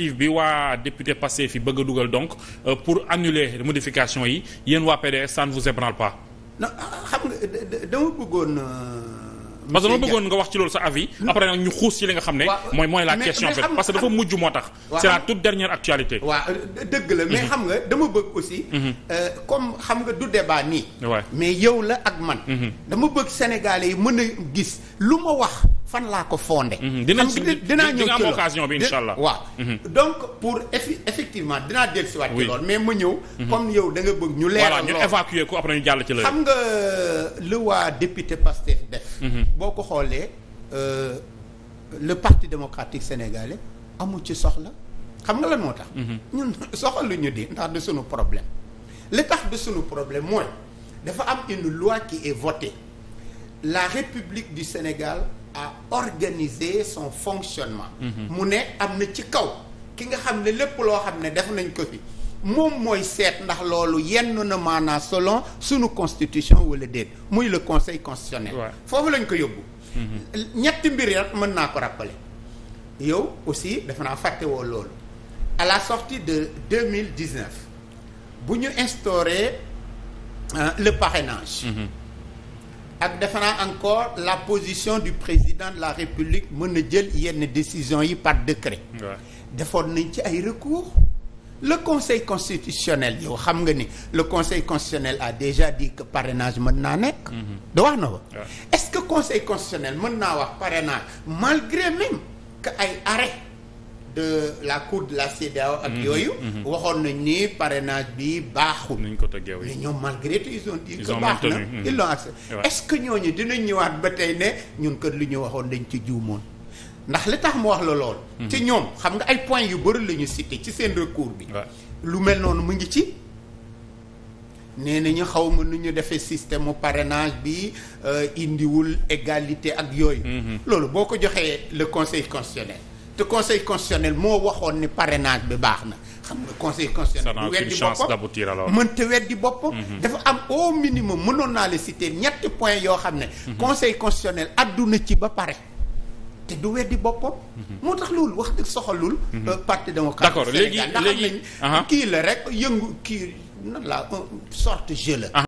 initiative bi waa député passé fi bëgg a dugal donc euh, pour annuler modification yi yéen waa PDS ça ne vous ébranle pas. non ah, xam nga dama bëggoon. Euh, parce que dama bëggoon nga wax ci loolu sa avis. après nag ñu xuus ci li nga xam ne. mooy mooy la question en fait parce que dafa mujj moo tax. c'est la toute dernière actualité. waaw euh, dëgg la mais mhm. xam nga dama bëgg aussi. Mhm. comme xam nga du débat nii. mais yow la ak man. Mhm. dama bëgg Sénégalais yi mën a gis lu ma wax. fan laa ko fonde mhm, dinañ si dinaa ñëw ci occasion bi incha allah waaw. Mhm. donc pour effectivement dinaa dellusiwaat. ci loolu mais ma ñëw. Mhm. comme yow da nga bëgg ñu leeral. lool ñu évacuer ko après jàll ci la. xam nga euh, lu waa député Pastef def. boo ko xoolee euh, le parti démocratique sénégalais amul ci soxla xam nga lan moo tax. ñun soxaluñu di ndax du sunu problème li tax du sunu problème mooy dafa am une loi qui est votée la république du Sénégal. à organiser son fonctionnement. mu ne am na ci kaw ki nga xam ne lépp loo xam ne def nañ ko fi moom mooy seet ndax loolu yenn na maanaa selon sunu constitution wala déet muy le conseil constitutionnel. foofu lañ ko yóbbu. Mhm. ñetti mbir rek mën naa ko rappeler. yow aussi dafa naa fàtte woo loolu à la sortie de deux mille dix-neuf bu ñu instauré le parrainage. Mhm. ak defe naa encore la position du président de la république mën na jël yenn décision yi par décret defoon nañ ci ay recours le conseil constitutionnel yow xam nga ni le conseil constitutionnel a déjà dit que parrainage mën naa nekk mhm. da wax na ko est-ce que conseil constitutionnel mën naa wax parrainage malgré même que ay arrêt de la cour de la CEDEAO ak mhm. yooyu mhm. waxoon nañ ni parrainage bi baaxul mais ñoom malgré tout ils ont dit que baax na mhm. ils l'ont accepté est-ce que ñooñu dinañ ñëwaat ba tey ne ñun kat lu ñu waxoon dañ ci juumoon ndax li tax mu wax la lool te ñoom xam nga ay point yu bëri lañu ñu cité ci seen recours bi lu mel noonu mu ngi ci nee ñu xaw ma nu ñu defee système mu parrainage bi euh, indiwul égalité ak yooyu loolu boo ko joxee le conseil constitutionnel te conseil constitutionnel moo waxoon ni parrainage bi baax na xam nga conseil constitutionnel du weddi boppam mënta weddi boppam mhm. dafa am au minimum mënoon naa la citer ñetti point yoo xam ne mhm. conseil constitutionnel adduna ci ba pare te du weddi boppam mhm. moo tax loolu wax dëgg soxalul euh, parti démocratique d'accord léegi léegi kii la rek yëngu kii nan la sorte jeu la ah.